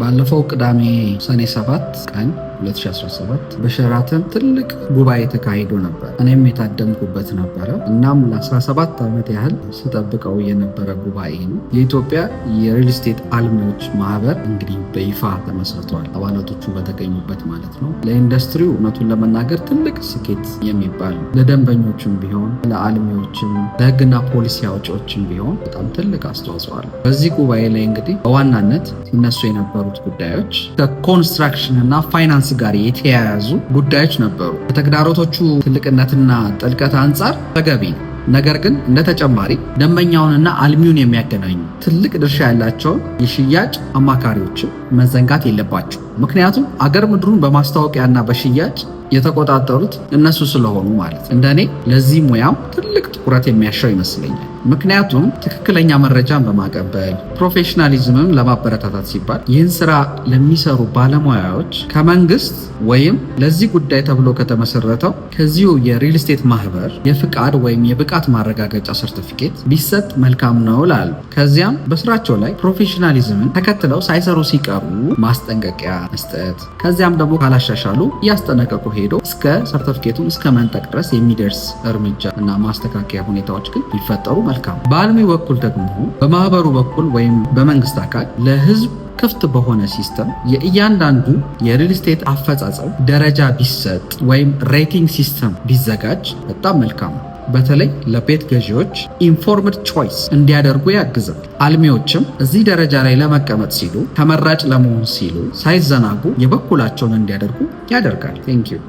ባለፈው ቅዳሜ ሰኔ ሰባት ቀን 2017 በሸራተን ትልቅ ጉባኤ ተካሂዶ ነበር። እኔም የታደምኩበት ነበረ። እናም ለ17 ዓመት ያህል ስጠብቀው የነበረ ጉባኤ ነው። የኢትዮጵያ የሪል ስቴት አልሚዎች ማህበር እንግዲህ በይፋ ተመስርተዋል። አባላቶቹ በተገኙበት ማለት ነው። ለኢንዱስትሪው እውነቱን ለመናገር ትልቅ ስኬት የሚባል ለደንበኞችም ቢሆን ለአልሚዎችም፣ ለህግና ፖሊሲ አውጪዎችም ቢሆን በጣም ትልቅ አስተዋጽኦ አለ። በዚህ ጉባኤ ላይ እንግዲህ በዋናነት ሲነሱ የነበሩት ጉዳዮች ከኮንስትራክሽን እና ፋይናንስ ጋር የተያያዙ ጉዳዮች ነበሩ። ከተግዳሮቶቹ ትልቅነትና ጥልቀት አንጻር ተገቢ ነው። ነገር ግን እንደ ተጨማሪ ደንበኛውንና አልሚውን የሚያገናኙ ትልቅ ድርሻ ያላቸውን የሽያጭ አማካሪዎችን መዘንጋት የለባቸው። ምክንያቱም አገር ምድሩን በማስታወቂያና በሽያጭ የተቆጣጠሩት እነሱ ስለሆኑ ማለት እንደኔ ለዚህ ሙያም ትልቅ ትኩረት የሚያሻው ይመስለኛል። ምክንያቱም ትክክለኛ መረጃን በማቀበል ፕሮፌሽናሊዝምን ለማበረታታት ሲባል ይህን ስራ ለሚሰሩ ባለሙያዎች ከመንግስት ወይም ለዚህ ጉዳይ ተብሎ ከተመሰረተው ከዚሁ የሪል ስቴት ማህበር የፍቃድ ወይም የብቃት ማረጋገጫ ሰርቲፊኬት ቢሰጥ መልካም ነው ላሉ፣ ከዚያም በስራቸው ላይ ፕሮፌሽናሊዝምን ተከትለው ሳይሰሩ ሲቀሩ ማስጠንቀቂያ መስጠት ከዚያም ደግሞ ካላሻሻሉ እያስጠነቀቁ ሄዶ እስከ ሰርተፍኬቱን እስከ መንጠቅ ድረስ የሚደርስ እርምጃ እና ማስተካከያ ሁኔታዎች ግን ቢፈጠሩ መልካም። በአልሚ በኩል ደግሞ በማህበሩ በኩል ወይም በመንግስት አካል ለህዝብ ክፍት በሆነ ሲስተም የእያንዳንዱ የሪል ስቴት አፈጻጸም ደረጃ ቢሰጥ ወይም ሬቲንግ ሲስተም ቢዘጋጅ በጣም መልካም ነው። በተለይ ለቤት ገዢዎች ኢንፎርምድ ቾይስ እንዲያደርጉ ያግዛል። አልሚዎችም እዚህ ደረጃ ላይ ለመቀመጥ ሲሉ ተመራጭ ለመሆን ሲሉ ሳይዘናጉ የበኩላቸውን እንዲያደርጉ ያደርጋል። ቴንክ ዩ